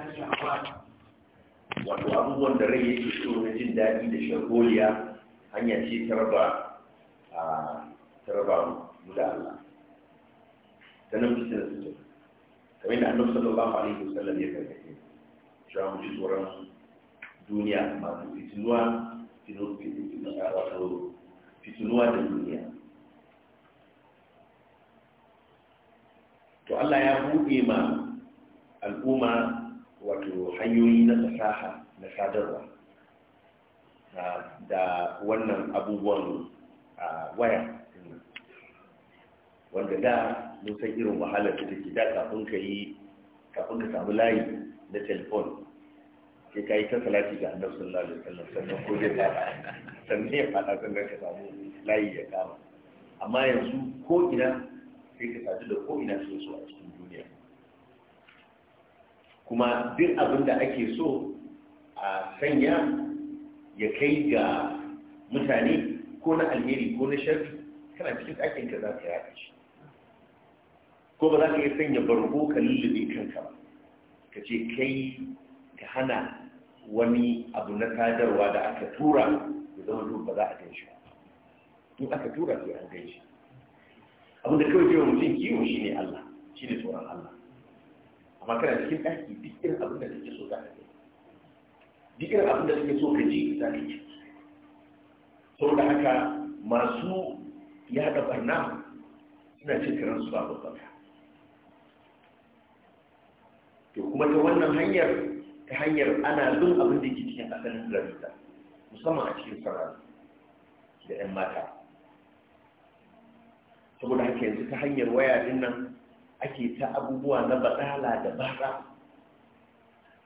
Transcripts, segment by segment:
ta shafa wato abubuwan da rai yake so na jin daɗi da shagoliya hanya ce ta raba ta raba mu da Allah ta nan fi sinar su kamar yadda annabi sallallahu alaihi wasallam ya gargaɗe shi mu ji tsoron duniya masu fitinuwa wato fitinuwa da duniya to Allah ya buɗe ma al'umma wato hanyoyi na fasaha na sadarwa da wannan abubuwan waya wanda da mun san irin wahalar da take da kafin ka yi kafin ka samu layi na telefon sai ka yi ta salati ga annabi sallallahu alaihi wasallam sannan ko zai fada sannan ya fada sannan ka samu layi ya kama amma yanzu ko ina sai ka sadu da ko ina sai so a cikin duniya kuma duk abin da ake so a sanya ya kai ga mutane ko na alheri ko na sharfi kana cikin ɗakin ka za ka yaɗa shi ko ba za ka iya sanya bargo ka lullube kanka ba ka ce kai ka hana wani abu na sadarwa da aka tura ya zama duk ba za a gan shi in aka tura sai an gan shi abin da kawai cewa mutum kiwo shine Allah shine tsoron Allah amma kana cikin ɗaki duk irin abin da kake so za ka ji duk irin abin da kake so ka ji za ka ji saboda haka masu yaɗa barna suna cin su babu baka to kuma ta wannan hanyar ta hanyar ana bin abin da ke cikin asalin rarrita musamman a cikin sarari da 'yan mata saboda haka yanzu ta hanyar waya din nan ake ta abubuwa na Baɗala da bara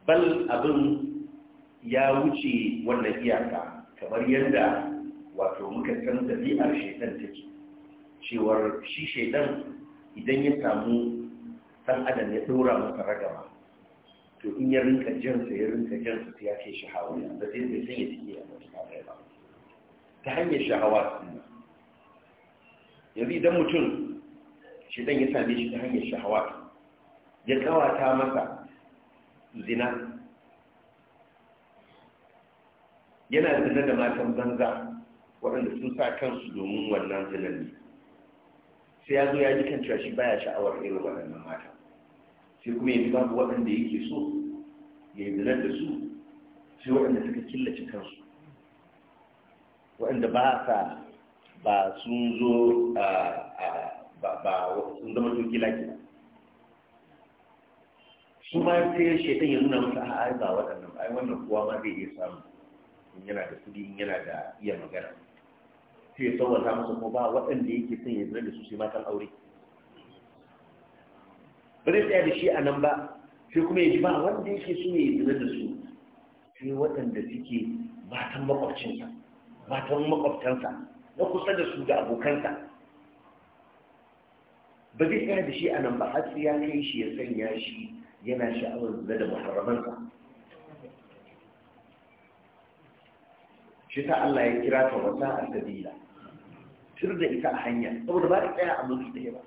bal abin ya wuce wannan iyaka kamar yadda wato muka san dabi'ar shaitan take cewar shi shaitan idan ya samu san adam ya dora masa ragama to in ya rinka jansa ya rinka jansa ta ya kai shahawa da sai bai ya a masu ba ta hanyar shahawa suna yanzu idan mutum Shi dan ya same shi ta hanyar shahawa ya kawata masa zina yana zina da matan banza waɗanda sun sa kansu domin wannan zinan ne sai ya zo ya ji kan shi baya sha'awar irin waɗannan mata sai kuma yanzu babu waɗanda yake so ya yi zinar da su sai waɗanda suka killace kansu waɗanda ba sa ba sun zo a ah, ah, ba ba sun zama tun kila ke su ma sai shaitan ya nuna masa a ba waɗannan ai wannan kowa ma zai iya samu in yana da kudi, in yana da iya magana sai ya sauwata masa ko ba waɗanda yake son ya zira da su sai matan aure ba zai tsaya da shi a nan ba sai kuma ya ji ba wanda yake so ya zira da su sai waɗanda suke matan makwabcinsa matan makwabtansa na kusa da su da abokansa ba zai tsaya da shi a nan ba har sai ya kai shi ya sanya shi yana sha'awar zina da muharramansa shi ta Allah ya kira ta wata a sabila tur da ita a hanya saboda ba ta tsaya a mulki ɗaya ba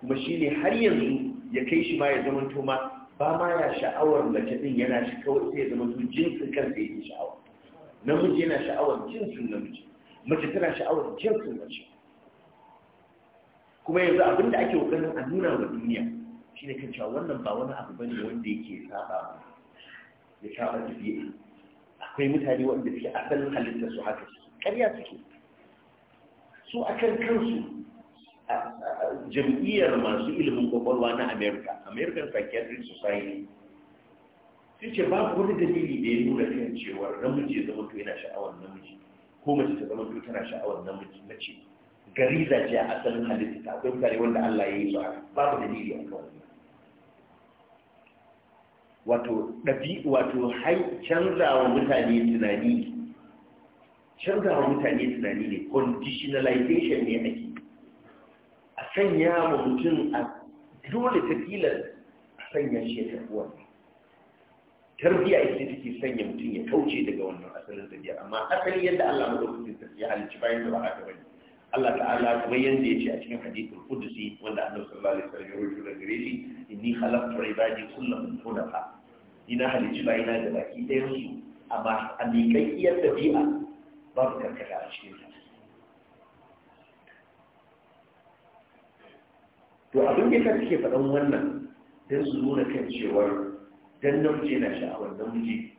kuma shi ne har yanzu ya kai shi ma ya zama ma ba ma ya sha'awar mace ɗin yana shi kawai sai ya zama to jinsin kansa yake sha'awa namiji yana sha'awar jinsin namiji mace tana sha'awar jinsin mace kuma yanzu abin da ake kokarin a nuna wa duniya shine kan cewa wannan ba wani abu bane wanda yake saba ya saba tafiya akwai mutane wanda suke asalin halittar su haka su ƙarya suke su akan kansu jam'iyyar masu ilimin kwakwalwa na america american psychiatric society sai ce babu wani dalili da ya nuna kan cewa namiji ya zama to yana sha'awar namiji ko mace ta zama to tana sha'awar namiji mace gariza ce a asalin halitta akwai mutane wanda Allah ya yi su babu dalili a kawai wato ɗabi wato canzawa mutane tunani canzawa mutane tunani ne conditionalization ne ake a sanya wa mutum a dole ta tilas a sanya shi ya tafi wannan tarbiya ita take sanya mutum ya kauce daga wannan asalin tafiya amma asali yadda Allah madaukakin ya halicci bayan da ba haka bane Allah ta'ala kuma yanda ce a cikin hadithul qudsi wanda Annabi sallallahu alaihi wasallam ya rubuta daga gare shi inni khalaqtu ibadi ina halicci bayina da baki ɗaya su amma a miƙaƙƙiyar dabi'a babu karkata a cikin ta to abin da ka suke faɗan wannan don su nuna kan cewar dan namiji na sha'awar namiji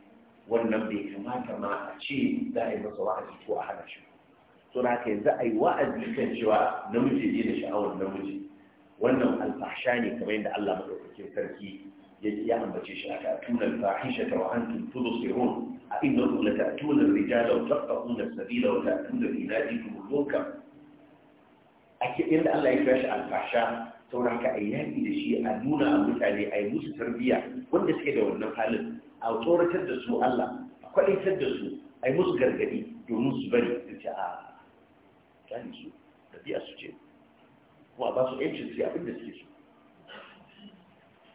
wannan bai kamata ma a ce za a yi masa wa'azi ko a hana shi to na a yi wa'azi kan cewa namiji ne da sha'awar namiji wannan alfahsha ne kamar yadda Allah madaukakin sarki ya ambace shi aka tuna alfahisha ta wa tudusirun a inna kum la ta'tuna ar-rijala wa taqta'una as-sabila wa ta'tuna fi nadikum al-munkar ake inda Allah ya kira shi alfahsha saboda haka a yaƙi da shi a nuna a mutane a yi musu tarbiyya wanda suke da wannan halin a tsoratar da su Allah a kwalitar da su a yi musu gargadi domin su bari su kyale su tafiya su ce kuma ba su yancin su abin da suke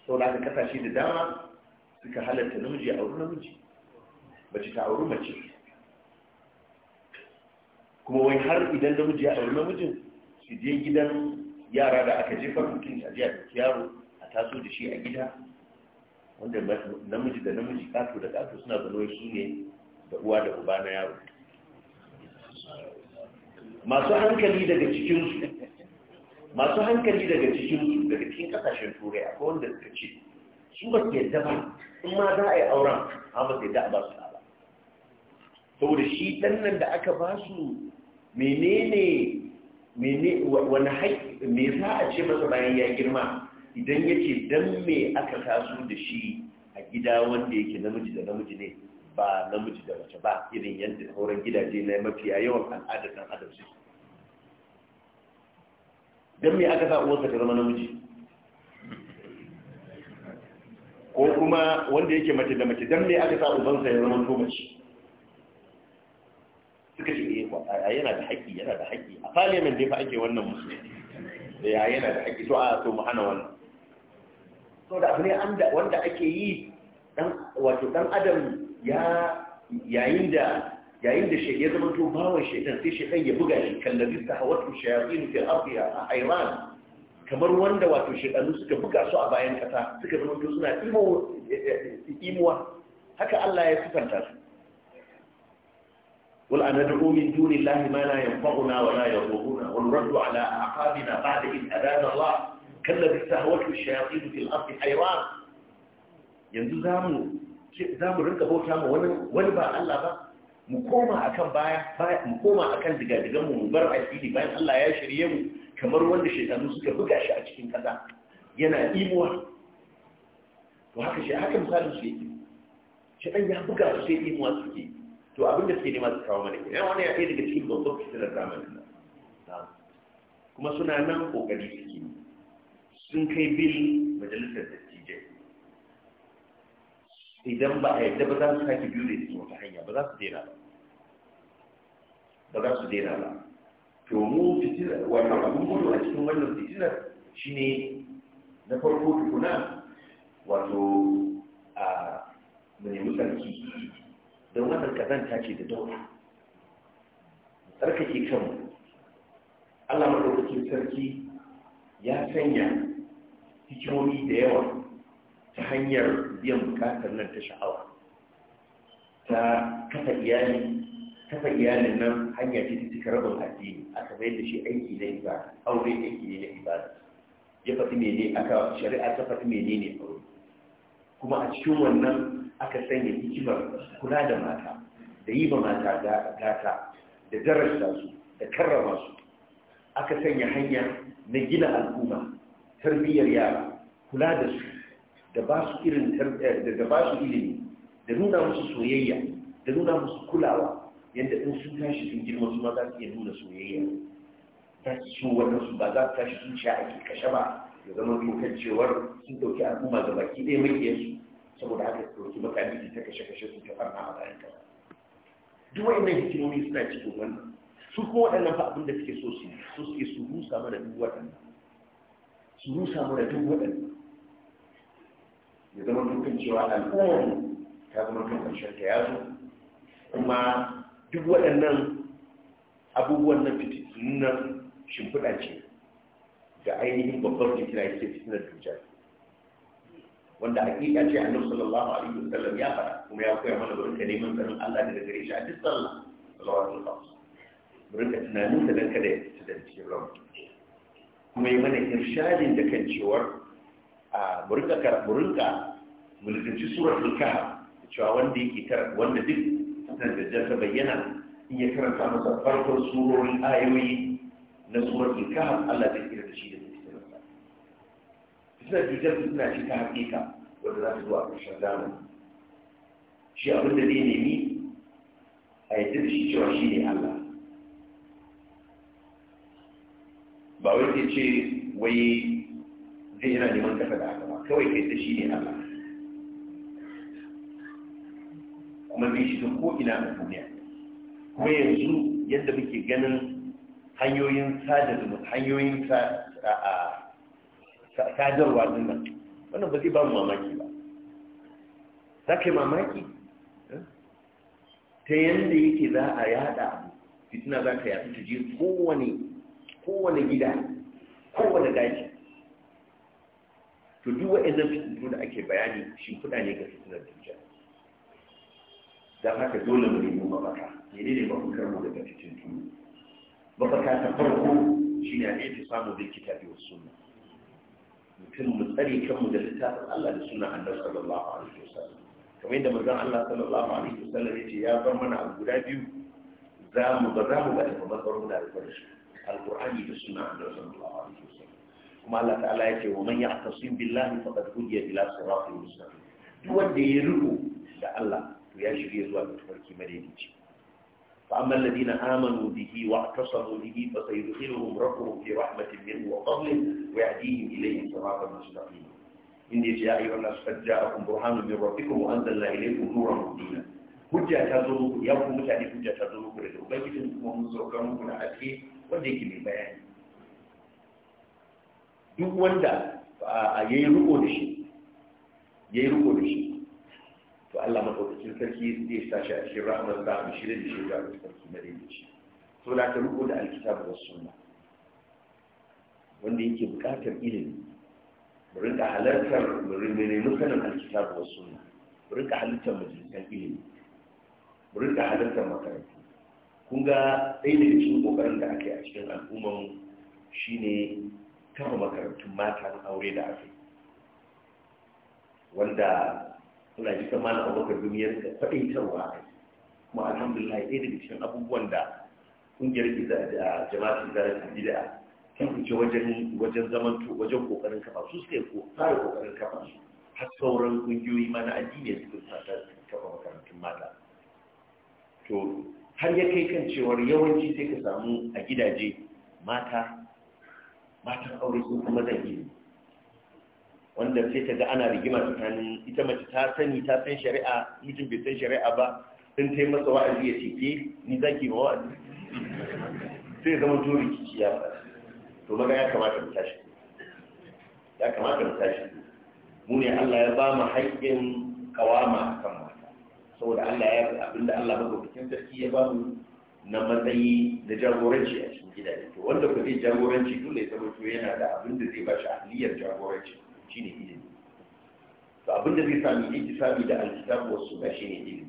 so sau da aka kasashe da dama suka halatta namiji a auri namiji bace ta auri mace kuma wai har idan namiji ya auri namijin su je gidan yara da aka jefa mutum a jiya da yaro a taso da shi a gida wanda namiji da namiji kato da kato suna zanoyi su ne da uwa da uba na yaro masu hankali daga cikinsu masu hankali daga su daga cikin kasashen turai a kowane da suka ce su ba ke zama in ma za a yi auren amma sai da ba su ba saboda shi ɗan da aka ba su menene wani me za a ce masa bayan ya girma idan ya dan me aka taso da shi a gida wanda yake namiji da namiji ne ba namiji da mace ba irin yadda sauran gidaje na a yawan al'adar dan adam su don me aka sa uwarsa ta zama namiji ko kuma wanda yake mace da mace don me aka sa ubansa ya zama to suka ce eh, yana da haƙƙi yana da haƙƙi a parliament dai fa ake wannan musulmi ya yana da haƙƙi to a to mu hana wannan so da abu ne wanda ake yi wato dan adam yayin da yayin da ya zama to bawan shaitan sai shaitan ya buga shi kallabi ta hawatu shayatin fil ardi a Iran kamar wanda wato shaitanu suka buga su a bayan kasa suka zama to suna imuwa haka Allah ya sifanta su قل أندعو من دون الله ما لا ينفعنا ولا يضرنا ونرد على أعقابنا بعد إذ أذان الله كالذي استهوته الشياطين في الأرض حيوان ينزل زامنه za mu rinka bauta ma wani ba Allah ba mu koma akan baya mu koma akan digadigan mu bar addini bayan Allah ya shirye mu kamar wanda shekaru suka buga shi a cikin kaza yana imuwa to haka shi haka misalin shi yake dan ya buga su sai imuwa suke to abinda suke nema su kawo mana kenan wani ya kai daga cikin babban fitilar zamanin nan kuma suna nan kokari suke sun kai bil majalisar da idan ba a yadda ba za su sake biyu da su wata hanya ba za su daina ba ba za su daina ba to mu fitinar wannan abin gudu a cikin wannan shi shine na farko tukuna wato a mu nemi tsarki don wannan kazanta ce da daura tsarkake kanmu allah maɗaukakin sarki ya sanya hikimomi da yawa ta hanyar biyan bukatar nan ta sha'awa ta kafa iyali kafa iyalin nan hanya ce ta cika rabin addini aka bayar da shi aiki na ibada aure aiki ne na ibada ya mene aka shari'a ta faɗi mene ne aure kuma a cikin wannan aka sanya hikimar kula da mata da yi ba mata gata da darasta su da karrama su aka sanya hanya na gina al'umma tarbiyyar yara kula da su da ba su irin da ba su ilimi da nuna musu soyayya da nuna musu kulawa yadda in sun tashi sun girma su ma za su iya nuna soyayya ta su wannan su ba za su tashi sun a ke kashe ba ya zama dokar cewar sun ɗauki al'umma da baki ɗaya makiyarsu saboda haka su ɗauki makami ta kashe kashe su ta farna a bayan kasa duk wa'annan hikimomi suna cikin wannan su kuma waɗannan fa abin da suke so su su suke su rusa mana duk waɗannan su rusa mana duk waɗannan ya zama dukkan cewa al'ummar ta zama kan ƙarshen ta zo. kuma duk waɗannan abubuwan na fitinin nan shimfiɗa ce da ainihin babbar fitina ya ce fitinar dujjal wanda a ƙiƙa ce nufin sallallahu alaihi wa sallam ya fara kuma ya koya mana wurin ka neman tsarin Allah daga gare shi a duk sallah sallallahu alaihi wurin ka tunanin da dan kada ya fita da cikin kuma yi mana irshadin da kan cewar a burinka burinka mulkinci suratul kahf cewa wanda yake kar wanda duk nan da jasa bayyana in ya karanta masa farkon surorin ayoyi na suratul kahf Allah zai kira da shi da fitinar sa fitinar jujar fitina shi ta hakika wanda za ta zo a ƙarshen zamani shi abin da zai nemi a yadda da shi cewa shi ne Allah ba wai ce wai sai yana neman kafa da aka ba kawai kai ta shi ne Allah kuma bai shi ko ina a duniya kuma yanzu yadda muke ganin hanyoyin sadarwa hanyoyin sadarwa din nan wannan ba zai ba mu mamaki ba za ka yi mamaki eh? ta yadda yake za a yada fitina za ka yaɗu ta je kowane gida kowane daji to duk wa'annan fitintunu da ake bayani shi kuɗa ne ga fitinar dujjal don haka dole mu nemi mafaka ne ne mafitar mu daga fitintunu mafaka ta farko shi ne a ɗaya ta samu bin kitabi wa sunna mutum mu tsare kanmu da littafin Allah da suna annabi sallallahu alaihi wasallam kamar yadda manzon Allah sallallahu alaihi wasallam yace ya bar mana abu guda biyu za mu ba za mu ga da mabarun da alƙur'ani da suna annabi sallallahu alaihi wasallam kuma Allah ta'ala ya ce wa man yahtasim billahi faqad hudiya ila siratin mustaqim duk wanda ya riko da Allah to ya shirye zuwa ga tafarki madaidaici fa amma alladhina amanu bihi wa atasamu bihi fa sayudkhiluhum rabbuhum fi rahmatin minhu wa fadlin wa yahdihim ilayhi siratan mustaqim inda yace ya ayyuhan nas qad ja'akum burhanun min rabbikum wa anzalna ilaykum nuran mubina hujja ta zo muku ya ku mutane hujja ta zo muku daga ubangijin kuma mun saukar muku na ake wanda yake mai bayani duk wanda ya yi riko da shi ya yi riko da shi to Allah maɗaukacin sarki zai sa shi a shi ra'amar sa a shirin da shi ga sarki na da shi to na ta riko da alkitabu da suna. wanda yake buƙatar ilimi mu rinka halartar mu nemi sanin alkitabu da suna, mu rinka halartar majalisar ilimi mu rinka halartar makarantu kun ga ɗaya daga cikin ƙoƙarin da aka yi a cikin al'umman shine kama makarantun mata matan aure da ake wanda suna ji kama na abokan duniyar da faɗaitarwa a kuma alhamdulillah ɗaya daga cikin abubuwan da ƙungiyar gida da jama'atun zarar gida kan kuce wajen wajen to wajen kokarin kafa su suka yi fara kokarin kafa su har sauran ƙungiyoyi ma na addini suka fata kafa makarantun mata to har ya kai kan cewar yawanci sai ka samu a gidaje mata matan aure su kuma zan iya wanda sai ta ga ana rigima tsakanin ita mace ta sani ta san shari'a mijin bai san shari'a ba sun tai masa wa'azi ya ce ke ni zaki ma wa'azi sai zama to rikici ya fara to maga ya kamata mu tashi ya kamata mu tashi mu ne Allah ya ba mu haƙƙin kawama kan mata saboda Allah ya abinda Allah madaukakin sarki ya ba mu na matsayi na jagoranci a cikin gidaje to wanda ku zai jagoranci dole ya zama yana da abin da zai ba shi ahliyar jagoranci shine ilimi to abin da zai sami sami da alkitabu was sunna shine ilimi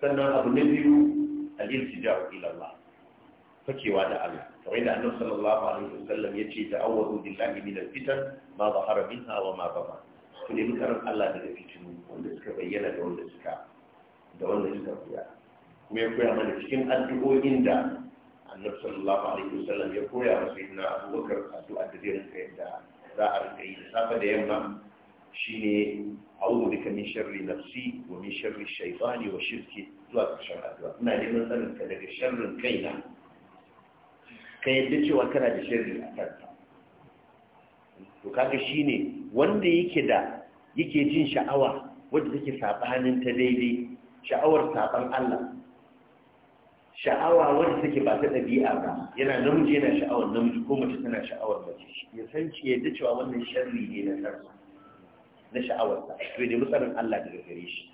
sannan abu na biyu al-iltija'u ila Allah fakewa da Allah kamar da Annabi sallallahu alaihi wasallam ce ta'awwadu billahi min al-fitan ma zahara minha wa ma batan ku nemi karan Allah daga fitinu wanda suka bayyana da wanda suka da wanda suka kuma ya koya mana cikin addu'o'in da annabi sallallahu alaihi wasallam ya koya wa sayyidina abubakar addu'a da zai rinka yadda za a rinka yi da safe da yamma shine a'udhu bika min sharri nafsi wa min sharri shaytani wa shirki zuwa ƙarshen addu'a ina neman tsarin ka daga sharrin kaina ka yadda cewa kana da sharri a kanka to kaga shine wanda yake da yake jin sha'awa wadda take sabanin ta daidai sha'awar saban Allah sha'awa wanda take ba ta ɗabi'a ba yana namiji yana sha'awar namiji ko mace tana sha'awar mace ya san yadda cewa wannan sharri ne na sarsa na sha'awarsa to da mutsarin Allah daga gare shi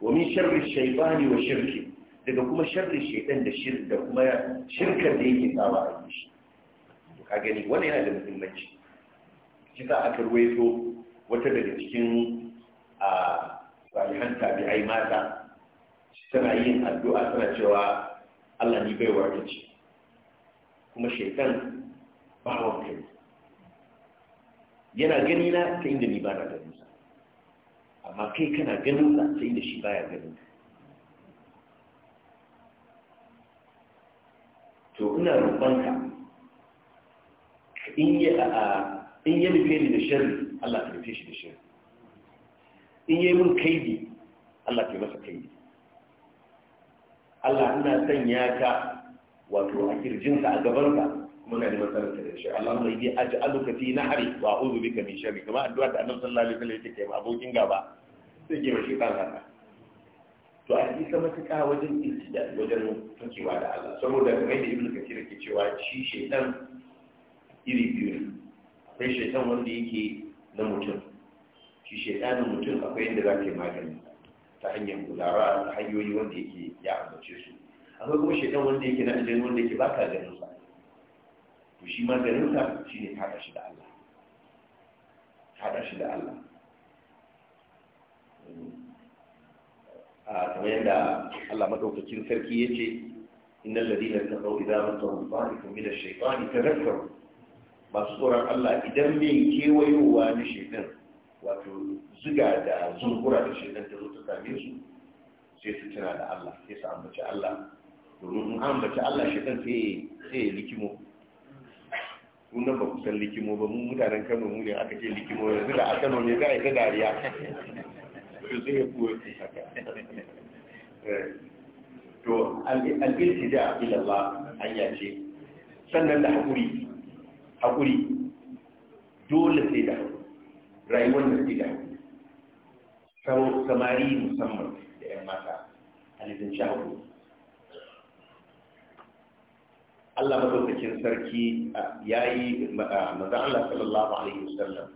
wa min sharri shaytani wa shirki daga kuma sharri shaytan da da kuma shirkar da yake sawa a yi shi to ka gani wannan yana da muhimmanci kisa aka ruwaito wata daga cikin a ah, salihan tabi'ai mata tana yin addu'a tana cewa Allah ni bai wa ce kuma shaitan bawan kai yana gani na ta inda ni ba na ganin sa amma kai kana ganin sa ta inda shi baya ganin to ina rubanka in yi a in yi nufe ni da shirin Allah ta nufe shi da shirin in yi mun kaidi Allah ta yi masa kaidi Allah ina sanya ka wato a sa a gabanka na neman sanin ka da shi Allah mai yi aj'aluka fi nahri wa a'udhu bika min sharri kuma addu'a da Annabi sallallahu alaihi wasallam yake kai ma abokin gaba sai ke mashi kan haka to a isa matuƙa wajen istida wajen tukewa da Allah saboda kamar da ibnu Kathir yake cewa shi shaytan iri biyu ne akwai shaytan wanda yake na mutum shi shaytanin mutum akwai yadda za yi magani ta hanyar gudara, ta hanyoyi wanda yake ya ambace su akwai kuma shaitan wanda yake na ajiyar wanda yake baka ganin sa to shi ma ganin sa shine hada shi da Allah hada shi da Allah a kamar yadda Allah madaukakin sarki ya yace innal ladina taqaw idza masahum ta'ifun min ash-shaytani tadhakkaru masu tsoron Allah idan mai kewayowa na shaitan wato ziga da zurgura da shi ta zo ta same su sai su tuna da Allah sai su ambaci Allah domin in ambaci Allah shi kan sai sai likimo sunan ba kusan likimo ba mu mutanen Kano mu ne aka ce likimo yanzu da a Kano ne za a yi ta dariya to sai ya kuwa su haka eh. to al-iltija ila Allah hanya ce sannan da hakuri hakuri dole sai da hakuri rayuwar da suke sau samari musamman da 'yan mata a nufin shahu Allah matsaukacin sarki ya yi maza Allah sallallahu alaihi wasallam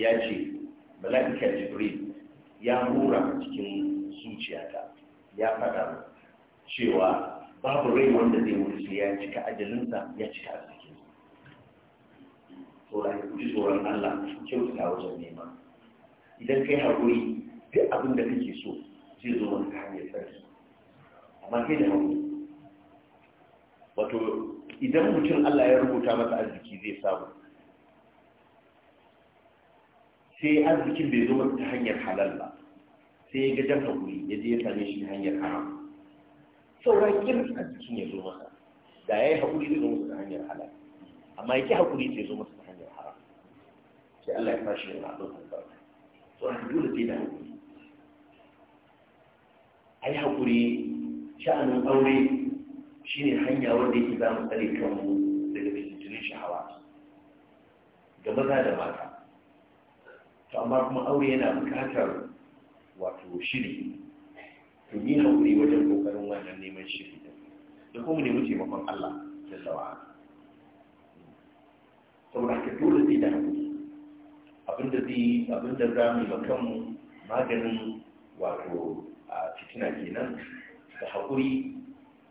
ya ce mala'ika jibril ya hura cikin zuciyata ya faɗa cewa babu rai wanda zai wuce ya cika ajalinsa ya cika azumi tsoron kuɗi tsoron Allah kyautata wajen nema idan kai haƙuri duk abin da kake so zai zo wani hanyar sarki amma kai da haƙuri wato idan mutum Allah ya rubuta masa arziki zai samu sai arzikin bai zo masa ta hanyar halal ba sai ya gajen haƙuri ya je ya same shi ta hanyar haram sauran kirin arzikin ya zo masa da ya yi haƙuri zai zo masa ta hanyar halal amma ya ki haƙuri zai zo masa قال لك ماشي معطوف الضرب وراح تقول لك كده هي حكوري شأن أولي شيني حنيا ودي كده مختلف كم اللي بيجتنيش حواس قبل هذا ما كان فأمرهم أولي هنا مكاتر وفي شيني تجي حكوري وجب بكرم وانني من شيني يقوم نموتي مقام الله جل وعلا ثم راح تقول لي ده abinda zai abinda za mu yi kanmu maganin wato a fitina kenan da haƙuri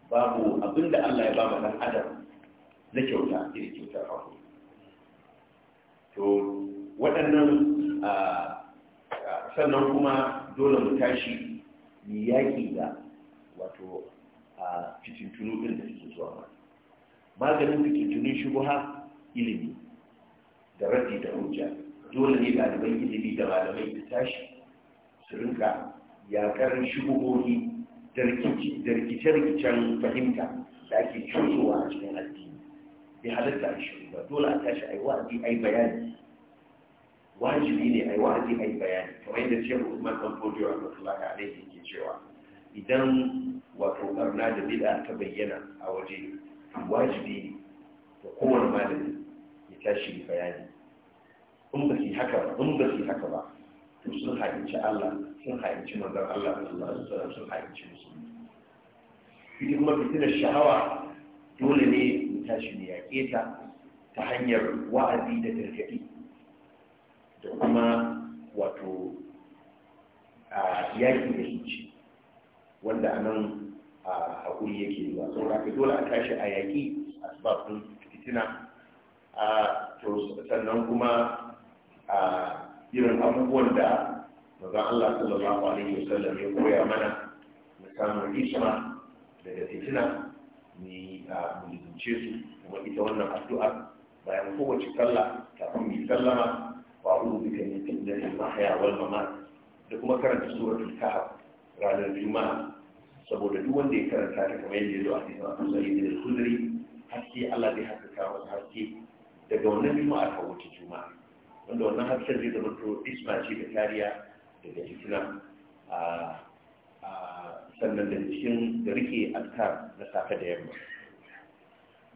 babu abinda Allah ya ba mu ɗan adam na kyauta iri kyautar haƙuri to waɗannan sannan kuma dole mu tashi mu yaƙi da wato a fitintunu ɗin da suke zuwa mana maganin fitintunun shubuha ilimi da rabi da hujja dole ne ɗaliban ilimi da malamai da tashi su rinka yakar shubuhohi da rikice-rikicen fahimta da ake cutowa a cikin addini bai halatta a shiru ba dole a tashi a yi wa'azi a yi bayani wajibi ne a yi wa'azi a yi bayani kamar yadda ce usman kan fodiyo wa, mutuwa alaihi ke cewa idan wato barna da bid'a ta bayyana a waje wajibi ne da kowane malami ya tashi bayani in ba su haka ba in ba su haka ba to sun haƙinci Allah sun haƙinci manzon Allah sallallahu alaihi wasallam sun haƙinci musulmi ita kuma fitinar shahawa dole ne mu tashi mu yaƙe ta ta hanyar wa'azi da gargaɗi da kuma wato a yaƙi da zuci wanda a nan a haƙuri yake yi ba saboda dole a tashi a yaƙi asbabun fitina a sannan kuma a irin abubuwan da maza Allah sallallahu alaihi sallam ya koya mana na samun isma daga fitina ni a mulkince su kuma ita wannan addu'a bayan kowace sallah kafin mu sallama wa a'udhu bika min ma haya wal mamat da kuma karanta suratul kahf ranar juma'a saboda duk wanda ya karanta ta kamar yadda ya zo a cikin abu da kulli haske Allah zai haskaka masa haske daga wannan juma'a ta wuce juma'a wanda wannan hafisar zai zama to isma ce da kariya daga fitina sannan da cikin da rike alkar na safe da yamma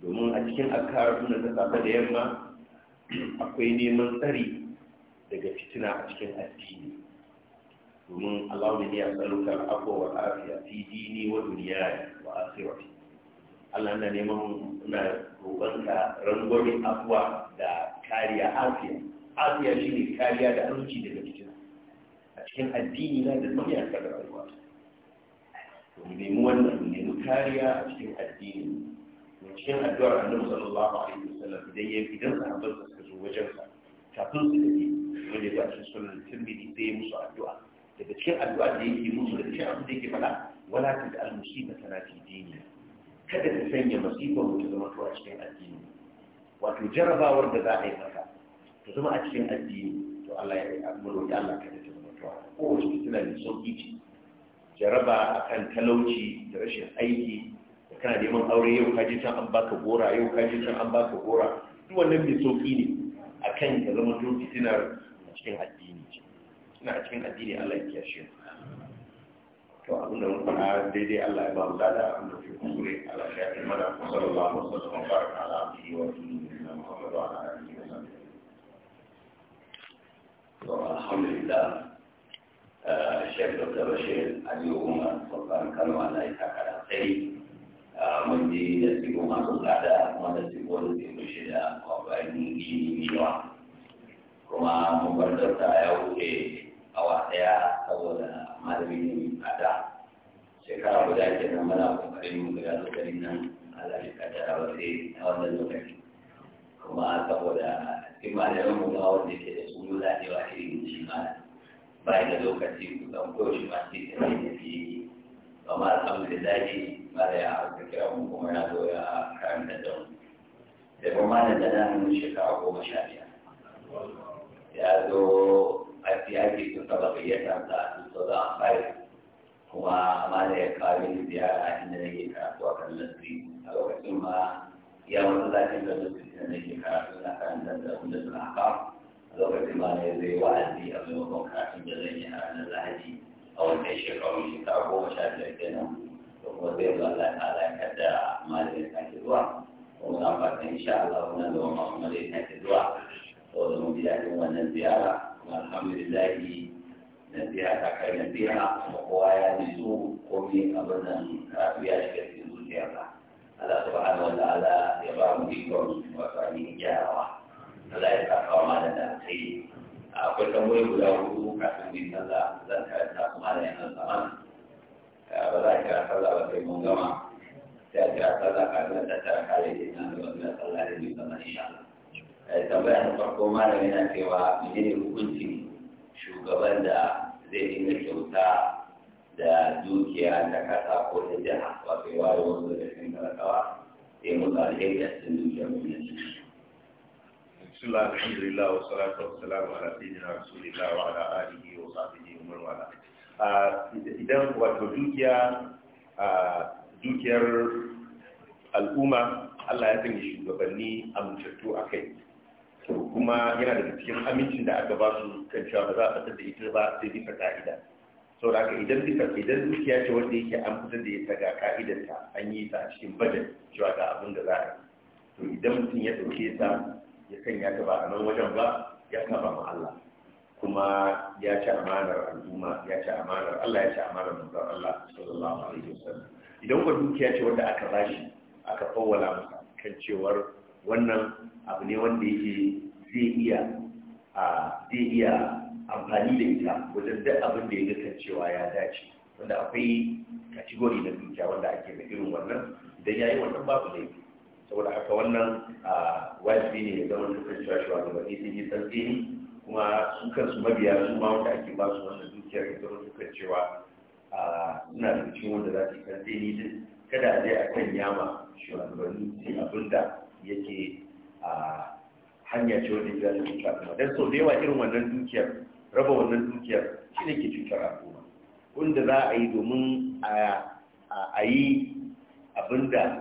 domin a cikin alkar na safe da yamma akwai neman tsari daga fitina a cikin addini domin Allah ne ya tsalukar abuwa wa afiya fi dini wa duniya wa asirati Allah na neman na roƙonka rangwame abuwa da kariya afiya asiya shi ne kariya da aminci daga fitina a cikin addini na da duniya ta da rayuwa to mu nemi wannan mu nemi kariya a cikin addini mu cikin addu'ar annabi sallallahu alaihi wasallam idan ya idan sahabban sa suka zo wajen sa kafin su tafi wanda ya ba shi sunan tirmidhi sai ya musu addu'a daga cikin addu'a da yake musu da cikin abin da yake faɗa wala ta da al-musiba tana fi dini kada ka sanya masifar ta zama a cikin addini wato jarabawar da za a yi maka ta zama a cikin addini to Allah ya yi mu roƙi Allah kada ta zama ko wasu fitina ne sauƙi ce jaraba a kan talauci da rashin aiki da kana neman aure yau kaji can an baka gora yau kaji can an baka gora duk wannan mai sauƙi ne a kan ka zama to fitinar a cikin addini suna a cikin addini Allah ya kiyashe to abin da mun faɗa daidai Allah ya ba mu dada abin da ke kuskure Allah ya yi mana sallallahu alaihi wa sallam baraka ala abdihi wa rasulihi Muhammad wa ala alihi alhamdulillah eh, shek dr bashir aliyu umar babban kano allah ya takara sai eh, mun ji da sigo masu tsada kuma da sigo da sigo shida a kwakwani gini biyuwa kuma mun bar dauta ya wuce awa daya saboda malami ne mai tsada shekara guda ke nan mana kokarin mu ga lokacin nan allah ya kaddara ba sai na wannan lokaci kuma saboda imanin mu ba wanda ke da kula da yawa irin shi ma ba da lokaci kusan ko shi ma sai da ne da yi amma alhamdulillah ma da ya aka kira kuma ya zo ya karanta da mu da kuma da nan shekara goma ya zo ya tiyaki sun taba gayyatar da kuma amana ya kawo ni ziyara inda nake karatu a kan lantarki a lokacin ma ya wata zafin da lokacin da nake karatu na da lokacin ma ne zai wa'azi a maimakon karatun da zan yi a ranar lahadi a wannan shekaru shekara goma sha biyar kenan da kuma zai zo Allah ta alaka da malamin sake zuwa kuma na fata insha Allah wannan zama ma kuma zai sake zuwa saboda mun ji daɗin wannan ziyara kuma na nasiha ta kai na nasiha kuma kowa ya nutsu komai abin nan karatu ya shiga cikin zuciyarsa Allah subhanahu wa ta'ala ya ba mu ikon wasu ainihin gyarawa. Allah ya saka wa malam da alkhairi akwai tambayoyi guda hudu kafin mu yi sallah zan karanta su malam yana zaman ba za a kira sallah ba sai mun gama sai a kira sallah kafin da ta kare da ina da wannan sallah da mu yi sallah eh, ta shugaban da zai dinga kyauta da dukiya da kasa ko da jaha. wato ya ware wasu da cikin talakawa sai mutu alheri a dukiya mun gwamnati بسم الله ah, idan wato dukiya ah, dukiyar al'umma Allah ya sanya shugabanni amintattu a kai kuma yana daga cikin amincin da aka ba su kan cewa ba za a fitar da ita ba sai bisa ka'ida saboda haka idan dukiya ce wanda yake an fitar da ita ga ka'idarta an yi ta a cikin bajet cewa ga abin da za a yi to idan mutum ya ɗauke ta ya sanya ta ba a nan wajen ba ya saba ma Allah kuma ya ci amanar al'umma ya ci amanar Allah ya ci amanar manzon Allah sallallahu alaihi wasallam idan ku dukiya ce wanda aka bashi aka fawwala masa kan cewar wannan abu ne wanda yake zai iya a zai iya amfani da ita wajen duk abin da ya kan cewa ya dace wanda akwai kategori na dukiya wanda ake da irin wannan idan yayi wannan babu laifi saboda haka wannan wajibi ne ya zama dukkan cewa shugabanni sun yi tsantsini kuma su kansu mabiya su ma wanda ake ba su wannan dukiyar ya zama dukkan cewa Ina da cikin wanda za su yi tsantsini din kada a je a kan yama shugabanni sai abin da yake hanya ce wanda ya zama cutar kuma don sau da yawa irin wannan dukiyar raba wannan dukiyar shi ne ke cutar al'umma wanda za a yi domin a yi abin da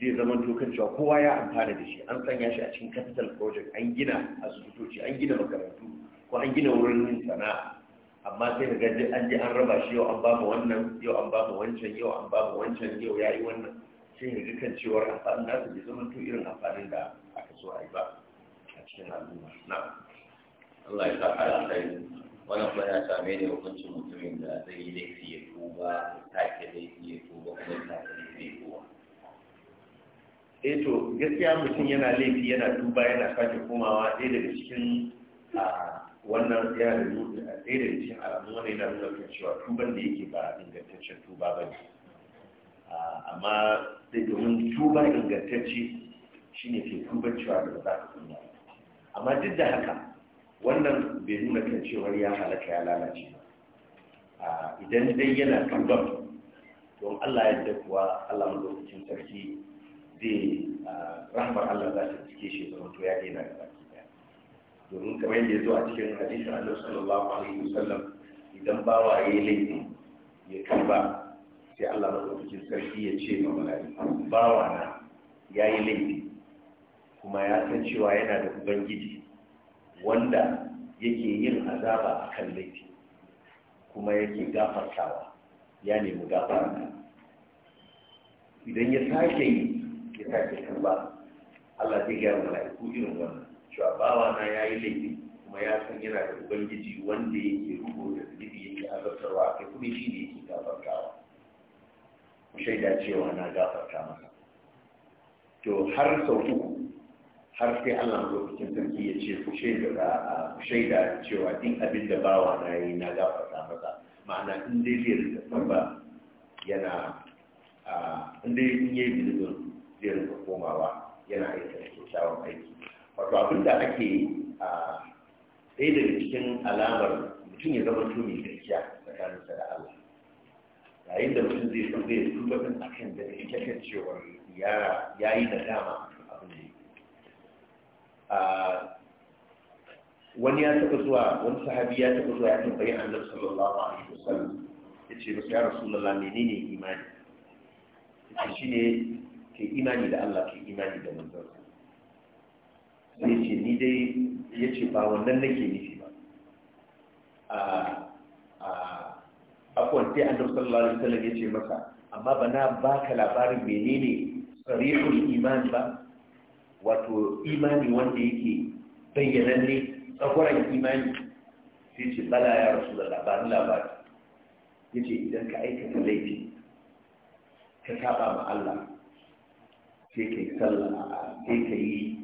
zai zama tokan cewa kowa ya amfana da shi an sanya shi a cikin capital project an gina asibitoci an gina makarantu ko an gina wurin sana'a amma sai ka gaji an je an raba shi yau an ba mu wannan yau an ba mu wancan yau an ba mu wancan yau ya yi wannan sai ka ga kan cewar amfanin nasu bai zama to irin amfanin da aka so a yi ba a cikin al'umma na Allah ya sa a wannan ba ya same ne hukuncin mutumin da zai yi laifi ya tuba ta eh to gaskiya mutum yana laifi yana duba yana sake komawa ɗaya daga cikin wannan ya da ɗaya daga cikin alamun wani yana nuna kan cewa tuban da yake ba ingantaccen tuba ba ne amma da domin tuba ingantacce ne ke tuban cewa da za ka kuma amma duk da haka wannan bai nuna kan cewa ya halaka ya lalace ba idan dai yana tuban don Allah ya da kuwa Allah madaukakin sarki zai ah, rahmar Allah za ta cike shi da ya daina da baki daya domin kamar yadda ya zo a cikin hadisin Allah sallallahu alaihi wasallam idan bawa ya yi laifi ya tuba sai Allah madaukakin sarki ya ce ma mala'ika bawa na ya yi laifi kuma ya san cewa yana da ubangiji wanda yake yin azaba a kan laifi kuma yake gafartawa ya nemi gafara idan ya sake yi ya sa ke ba Allah zai gyara mala'iku irin wannan cewa bawa na ya yi laifi kuma ya san yana da ubangiji wanda yake rubuta zunubi yake azabtarwa kai kuma shi ne yake gafartawa shaida cewa na gafarta masa to har sau uku har sai Allah lokacin sarki ya ce ku shaida cewa din abin da bawa na yi na gafarta masa ma'ana in dai zai rika ba yana in dai yin yi bilibin zai rufe komawa yana da kyakkyawan aiki wato abin da ake ɗaya daga cikin alamar mutum ya zama tuni gaskiya tsakaninsa da Allah yayin da mutum zai san zai tuba a akan da ita kyakkyar cewa ya yi da dama abin da ya wani ya taɓa zuwa wani sahabi ya taɓa zuwa ya tambayi annabi sallallahu alaihi wasallam ya ce masa ya rasu rasulullah menene imani shi ne ke imani da Allah ke imani da manzon sai ce ni dai ya ce ba wannan nake nufi ba a akwai sai annabi sallallahu alaihi wasallam ya ce masa amma bana baka labarin menene sarihul iman ba wato imani wanda yake bayyananne tsakwaran imani sai ce bala ya rasu da labarin labarin, ya ce idan ka aikata laifi ka saba ma Allah sai ka yi sallah sai ka yi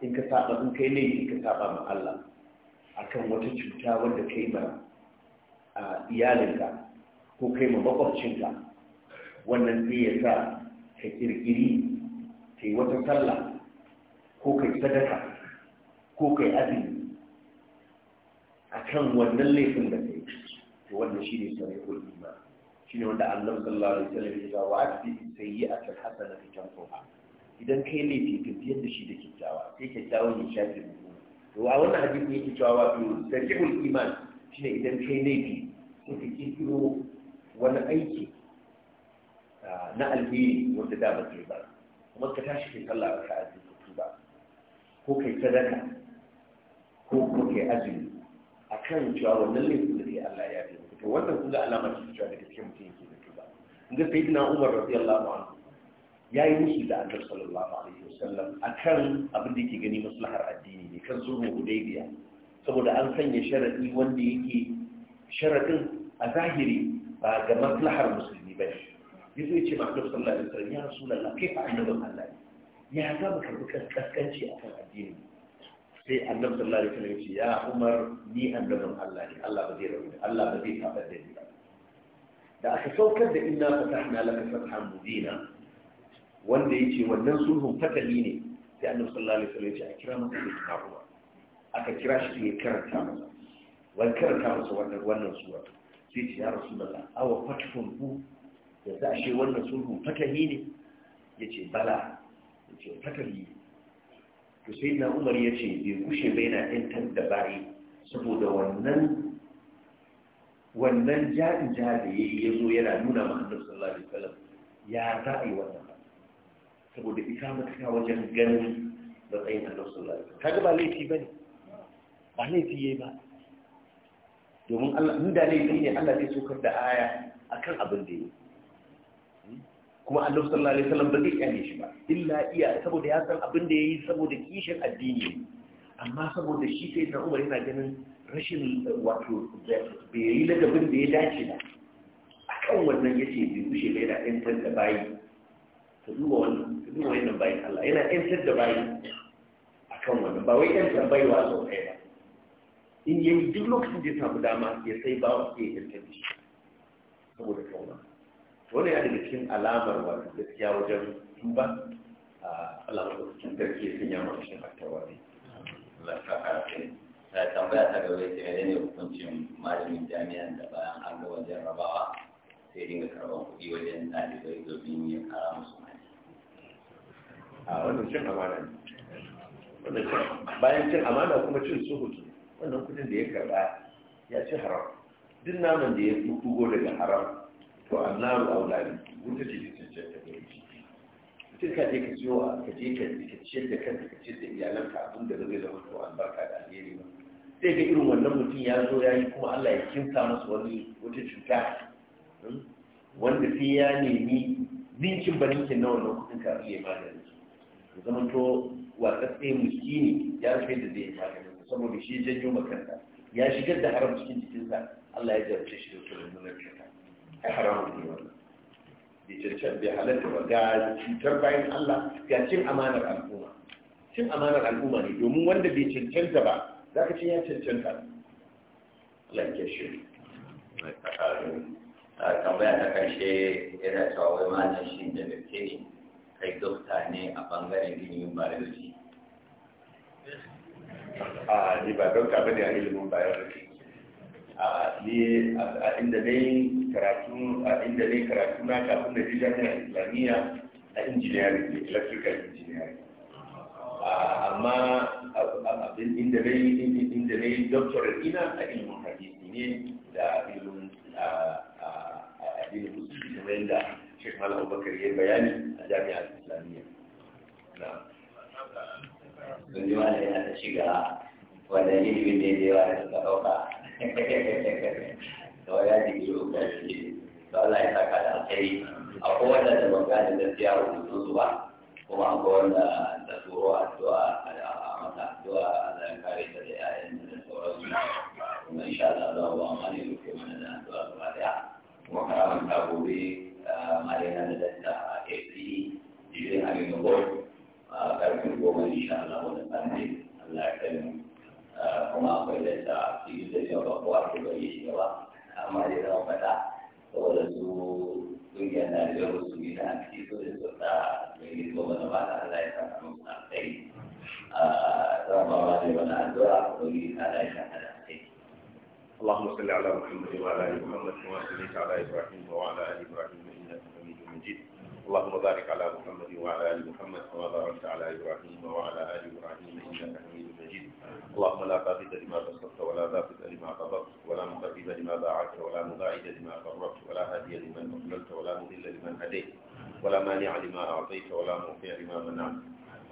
in ka saba in kai ne in ka saba ma Allah akan wata cuta wanda kai ma iyalinka ko kai ma makwabcinka wannan zai ya sa ka kirkiri ka yi wata sallah ko ka yi sadaka ko ka yi azumi kan wannan laifin da ka yi wannan shine ko iman shine wanda Allah sallallahu alaihi wasallam ya ce wa afi sayyi'atul hasanati tamfuha idan kai laifi ki biyar da shi da kyakkyawa sai kyakkyawan ya shafe mu to a wannan hadisi yake cewa wato sarkihul iman shine idan kai laifi sai wani aiki na alheri wanda da ba ba kuma ka tashi kai sallah ka azumi ba ko kai sadaka ko ko kai azumi akan cewa wannan laifin da Allah ya bi to wannan kun ga alama ce cewa daga cikin mutum yake da tuba in ga sayyidina Umar radiyallahu anhu yi mushi da Annabi sallallahu alaihi wasallam akan abin da yake gani maslahar addini ne kan sulhu Hudaybiya saboda an sanya sharadi wanda yake sharadin a zahiri ba ga maslahar musulmi ba yazo yace ma Annabi sallallahu alaihi wasallam ya Rasulullah kai fa annabin Allah ya ga baka bukan kaskanci akan addini sai annabi sallallahu alaihi wasallam ya Umar ni annabin Allah ne Allah ba zai rabu Allah ba zai tabar da ni ba da aka saukar da inna fatahna laka fathan mubina wanda yace wannan sulhun fatali ne sai annabi sallallahu alaihi wasallam ce a kira masa da Umar aka kira shi ya karanta masa wai karanta masa wannan wannan sura sai ce ya Rasulullah awa fatahun ku yanzu ashe wannan sulhun fatali ne yace bala yace fatali ne to sai na umar ya ce bai kushe bai na ɗintar da bari saboda wannan wannan ja'in da ya yi ya zo yana nuna ma annabi sallallahu alaihi wasallam ya za a yi wannan ba saboda ita matuka wajen ganin matsayin annabi sallallahu alaihi wasallam kaga ba laifi bane ba laifi yayi ba domin Allah in da laifi ne Allah zai sokar da aya akan abin da yake kuma Allah sallallahu alaihi wasallam ba zai kyale shi ba illa iya saboda ya san abin da yayi saboda kishin addini amma saboda shi sai na Umar yana ganin rashin wato bai yi ladabin da ya dace ba kan wannan yace bai kushe ba yana yantar da bayi ka duba wannan ka duba wannan bayin Allah yana yantar da bayi a akan wannan ba wai yantar baiwa sau ɗaya ba in yayi duk lokacin da ya samu dama ya sai bawa ya yantar da shi saboda kauna wani yana daga cikin alamar wani gaskiya wajen tuba a alamar da cikin garki ya sanya masu shi hattawa ne tambaya ta gaba ce ne ne hukuncin malamin jami'an da bayan an wajen rabawa, sai dinga karɓar kuɗi wajen ɗalibai domin ya kara musu mani a wannan cin amana ne bayan cin amana kuma cin suhutu wannan kudin da ya karɓa ya ci haram duk naman da ya fi daga haram to annaru aulani wuta ce ta cancanta ta wuce mutum ka je ka ciwo ka je ka ciyar da kanka ka ciyar da iyalanka abin da zai zama to albarka da alheri ba sai ga irin wannan mutum ya zo ya yi kuma Allah ya kinsa masa wani wata cuta hmm? wanda sai ya nemi ninkin ba ninkin na wannan kudin ka iya magani ya zama to watsatse miskini ya rufe da zai magani saboda shi janyo makanta ya shigar da haram cikin jikinsa Allah ya jarumce shi da wata mummunar cuta ai haramun ne wannan bai cancan bai halatta ba ga cutar bayan Allah ga cin amanar al'umma cin amanar al'umma ne domin wanda bai cancanta ba za ka ce ya cancanta Allah ya shi tambaya ta karshe yana cewa wai malam shi da gaske ne kai dokta ne a bangaren ilimin biology a ni ba dokta bane a ilimin biology a ne a inda na karatu a inda na karatu na kafin da jami'ar islamiyya a engineering ne electrical engineering amma inda na inda na yi ina a ilimin hadisi ne da ilimin addinin musulmi kamar yadda Sheikh Malam Abubakar ya bayani a jami'ar islamiyya na Dunjuwa ne na ta shiga wadda ilimin da ya da suka ɗauka da waya da ke rubuta shi da Allah ya saka da alkhairi akwai wanda da ban gane gaskiya rubutu su ba kuma akwai wanda da tsoro addu'a a mata addu'a Allah ya a ta da Allah za mu ne mana da addu'a gaba daya kuma karamin ta gobe marina da dasta a APE jirgin hannun gol a ƙarfin e, goma Allah wanda ɓarne Allah ya kuma akwai da ta cikin da yau ba kowa ke bai shi ba yi da hankali so da sauta mai yi zuwa wani ba da ya a ko yi اللهم صل على محمد وعلى ال محمد كما صليت على ابراهيم وعلى ال ابراهيم انك حميد مجيد اللهم بارك على محمد وعلى ال محمد كما باركت على ابراهيم وعلى ال ابراهيم انك حميد اللهم لا فاقد لما بسطت ولا ذاقد لما قبضت ولا مقرب لما باعدت ولا مباعد لما قربت ولا هادي لمن أضللت ولا مذل لمن هديت ولا مانع لما أعطيت ولا موقع لما منعت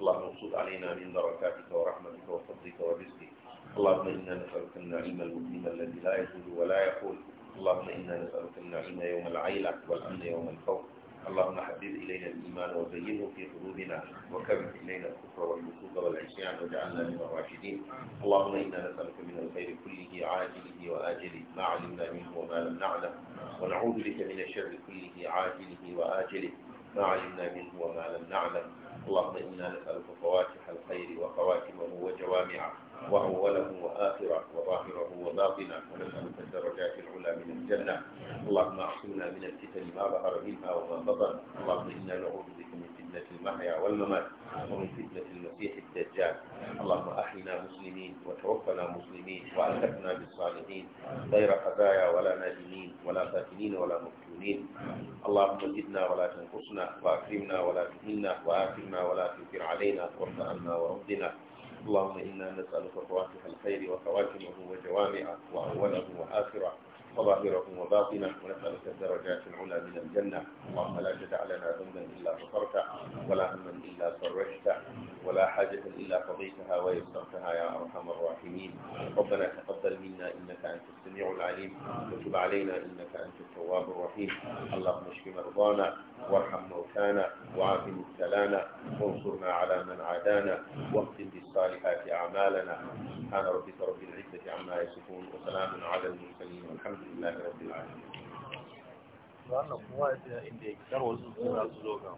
اللهم اقصد علينا من بركاتك ورحمتك وفضلك ورزقك اللهم إنا نسألك النعيم المقيم الذي لا يزول ولا يقول اللهم إنا نسألك النعيم يوم العيلة والأمن يوم الخوف اللهم حبب إلينا الإيمان وزينه في قلوبنا وكره إلينا الكفر والفسوق والعصيان واجعلنا من الراشدين اللهم إنا نسألك من الخير كله عاجله وآجله ما علمنا منه وما لم نعلم ونعوذ بك من الشر كله عاجله وآجله ما علمنا منه وما لم نعلم اللهم إنا نسألك فواتح الخير وخواتمه وجوامعه وأوله وآخره وظاهره وباطنه ونسألك الدرجات العلى من الجنة اللهم اعصمنا من الفتن ما ظهر منها وما بطن اللهم إنا نعوذ بك من فتنة المحيا والممات ومن فتنة المسيح الدجال اللهم أحينا مسلمين وتوفنا مسلمين وألحقنا بالصالحين غير خزايا ولا نادمين ولا فاتنين ولا مفتونين اللهم زدنا ولا تنقصنا وأكرمنا ولا تهنا واكرمنا ربنا ولا تنكر علينا وارض عنا وارضنا اللهم إنا نسألك فواكه الخير وفواكهه وجوامعه وأوله وآخره وظاهرهم وباطنه ونسألك الدرجات العلى من الجنة اللهم لا تدع لنا ذنبا إلا غفرته ولا هما إلا فرجته ولا حاجة إلا قضيتها ويسرتها يا أرحم الراحمين ربنا تقبل منا إنك أنت السميع العليم وتب علينا إنك أنت التواب الرحيم اللهم اشف مرضانا وارحم موتانا وعاف مبتلانا وانصرنا على من عادانا واختم بالصالحات أعمالنا سبحان ربك رب العزة عما يصفون وسلام على المرسلين والحمد لله رب العالمين wannan kowa ya inda ya kyar wasu suna su zo ga